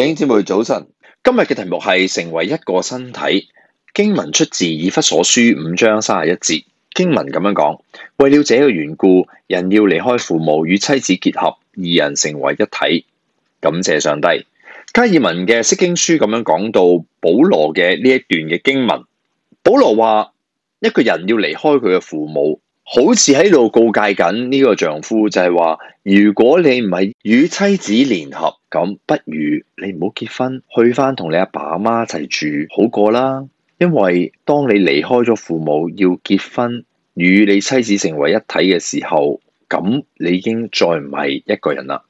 各位姊妹早晨，今日嘅題目係成為一個身體。經文出自以弗所書五章三十一節，經文咁樣講：為了這個緣故，人要離開父母與妻子結合，二人成為一體。感謝上帝。加爾文嘅釋經書咁樣講到保羅嘅呢一段嘅經文，保羅話一個人要離開佢嘅父母。好似喺度告誡緊呢個丈夫，就係話如果你唔係與妻子聯合，咁不如你唔好結婚，去翻同你阿爸阿媽一齊住好過啦。因為當你離開咗父母，要結婚與你妻子成為一體嘅時候，咁你已經再唔係一個人啦。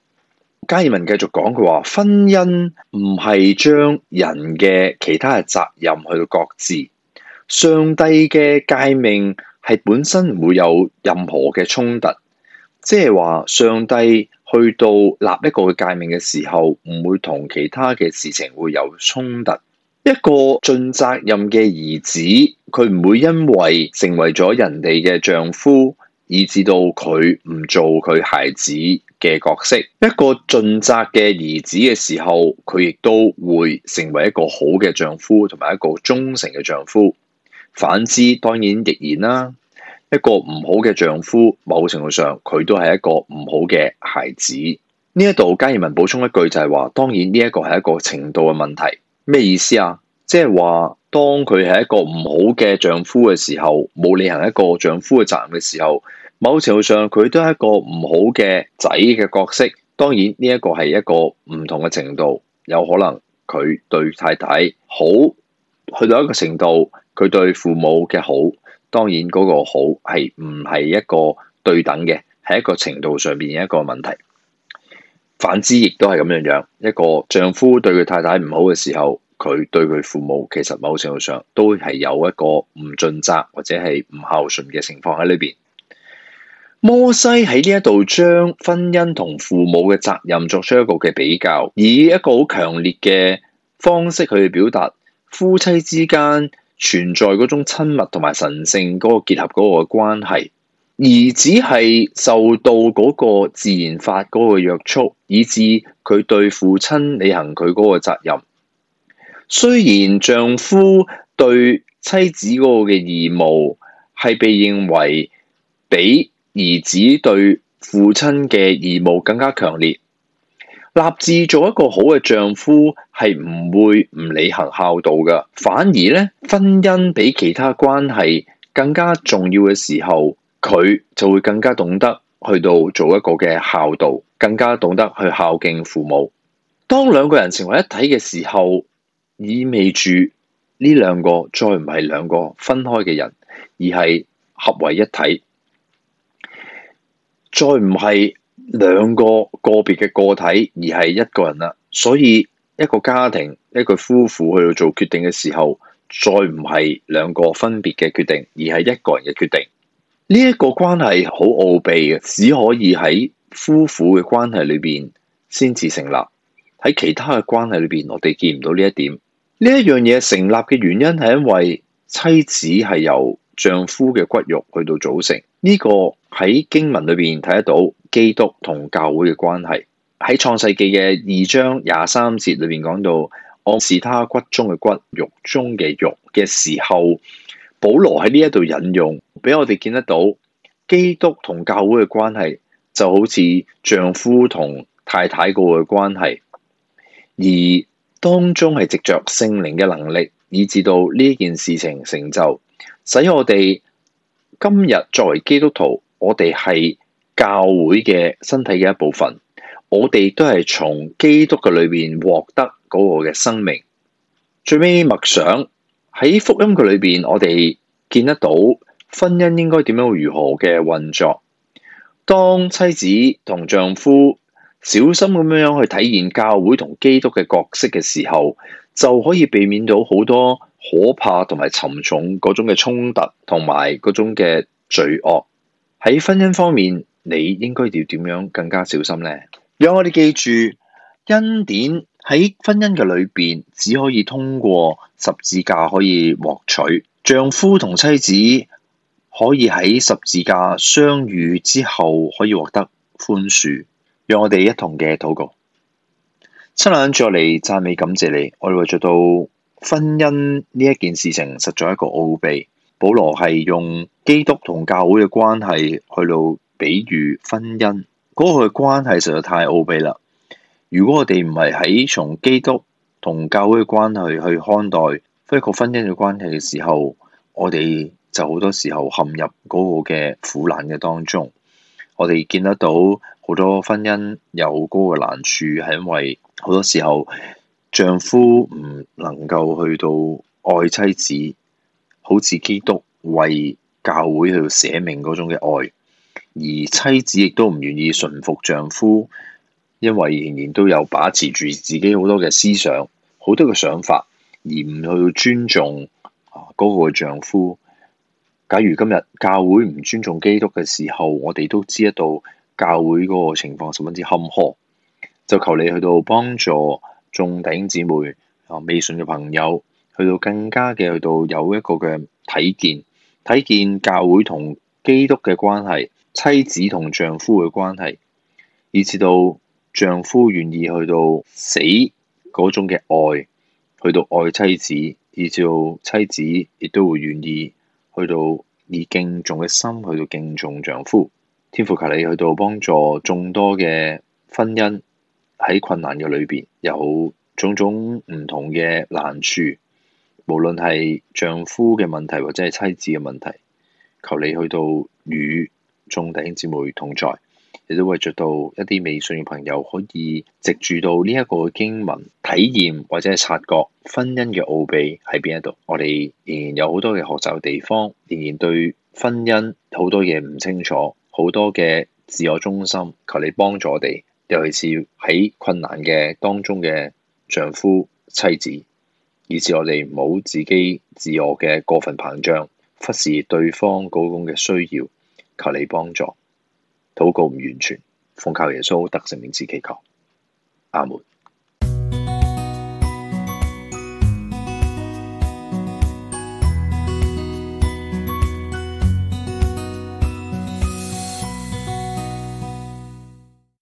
加爾文繼續講佢話，婚姻唔係將人嘅其他嘅責任去到各自，上帝嘅誡命，係本身唔會有任何嘅衝突，即係話上帝去到立一個嘅誡命嘅時候，唔會同其他嘅事情會有衝突。一個盡責任嘅兒子，佢唔會因為成為咗人哋嘅丈夫，以至到佢唔做佢孩子嘅角色。一個盡責嘅兒子嘅時候，佢亦都會成為一個好嘅丈夫，同埋一個忠誠嘅丈夫。反之，當然亦然啦。一個唔好嘅丈夫，某程度上佢都係一個唔好嘅孩子。呢一度，加爾文補充一句就係話，當然呢一個係一個程度嘅問題。咩意思啊？即係話，當佢係一個唔好嘅丈夫嘅時候，冇履行一個丈夫嘅責任嘅時候，某程度上佢都係一個唔好嘅仔嘅角色。當然呢一個係一個唔同嘅程度，有可能佢對太太好。去到一個程度，佢對父母嘅好，當然嗰個好係唔係一個對等嘅，係一個程度上面嘅一個問題。反之，亦都係咁樣樣。一個丈夫對佢太太唔好嘅時候，佢對佢父母其實某程度上都係有一個唔盡責或者係唔孝順嘅情況喺裏邊。摩西喺呢一度將婚姻同父母嘅責任作出一個嘅比較，以一個好強烈嘅方式去表達。夫妻之間存在嗰種親密同埋神性嗰個結合嗰個關係，兒子係受到嗰個自然法嗰個約束，以至佢對父親履行佢嗰個責任。雖然丈夫對妻子嗰個嘅義務係被認為比兒子對父親嘅義務更加強烈。立志做一個好嘅丈夫，係唔會唔履行孝道㗎。反而咧，婚姻比其他關係更加重要嘅時候，佢就會更加懂得去到做一個嘅孝道，更加懂得去孝敬父母。當兩個人成為一體嘅時候，意味住呢兩個再唔係兩個分開嘅人，而係合為一體，再唔係。兩個個別嘅個體而係一個人啦，所以一個家庭一個夫婦去到做決定嘅時候，再唔係兩個分別嘅決定，而係一個人嘅決定。呢一個關係好奧秘嘅，只可以喺夫婦嘅關係裏邊先至成立。喺其他嘅關係裏邊，我哋見唔到呢一點。呢一樣嘢成立嘅原因係因為妻子係由丈夫嘅骨肉去到組成，呢個喺經文裏邊睇得到。基督同教會嘅關係喺創世記嘅二章廿三節裏面講到，我是他骨中嘅骨，肉中嘅肉嘅時候，保羅喺呢一度引用，俾我哋見得到基督同教會嘅關係就好似丈夫同太太個嘅關係，而當中係藉着聖靈嘅能力，以至到呢件事情成就，使我哋今日作為基督徒，我哋係教會嘅身體嘅一部分，我哋都係從基督嘅裏面獲得嗰個嘅生命。最尾默想喺福音嘅裏邊，我哋見得到婚姻應該點樣如何嘅運作。當妻子同丈夫小心咁樣樣去體驗教會同基督嘅角色嘅時候，就可以避免到好多可怕同埋沉重嗰種嘅衝突同埋嗰種嘅罪惡喺婚姻方面。你應該要點樣更加小心呢？讓我哋記住恩典喺婚姻嘅裏邊，只可以通過十字架可以獲取。丈夫同妻子可以喺十字架相遇之後，可以獲得寬恕。讓我哋一同嘅禱告，親愛嘅主，我嚟讚美感謝你。我哋會做到婚姻呢一件事情，實在一個奧秘。保羅係用基督同教會嘅關係去到。比喻婚姻嗰個關係，實在太奧秘啦。如果我哋唔係喺從基督同教會嘅關係去看待，包括婚姻嘅關係嘅時候，我哋就好多時候陷入嗰個嘅苦難嘅當中。我哋見得到好多婚姻有嗰個難處，係因為好多時候丈夫唔能夠去到愛妻子，好似基督為教會去捨命嗰種嘅愛。而妻子亦都唔願意順服丈夫，因為仍然都有把持住自己好多嘅思想，好多嘅想法，而唔去尊重嗰個丈夫。假如今日教會唔尊重基督嘅時候，我哋都知得到教會嗰個情況十分之坎坷。就求你去到幫助眾弟兄姊妹啊，未信嘅朋友去到更加嘅去到有一個嘅睇見，睇見教會同基督嘅關係。妻子同丈夫嘅關係，以至到丈夫願意去到死嗰種嘅愛，去到愛妻子，以至到妻子亦都會願意去到以敬重嘅心去到敬重丈夫。天父求你去到幫助眾多嘅婚姻喺困難嘅裏邊有種種唔同嘅難處，無論係丈夫嘅問題或者係妻子嘅問題，求你去到與。眾弟兄姊妹同在，亦都為著到一啲未信嘅朋友，可以藉住到呢一個經文體驗，或者係察覺婚姻嘅奧秘喺邊一度。我哋仍然有好多嘅學習地方，仍然對婚姻好多嘢唔清楚，好多嘅自我中心。求你幫助我哋，尤其是喺困難嘅當中嘅丈夫妻子，以至我哋冇自己自我嘅過分膨脹，忽視對方嗰種嘅需要。求你幫助，禱告唔完全，奉靠耶穌得聖名之祈求，阿門。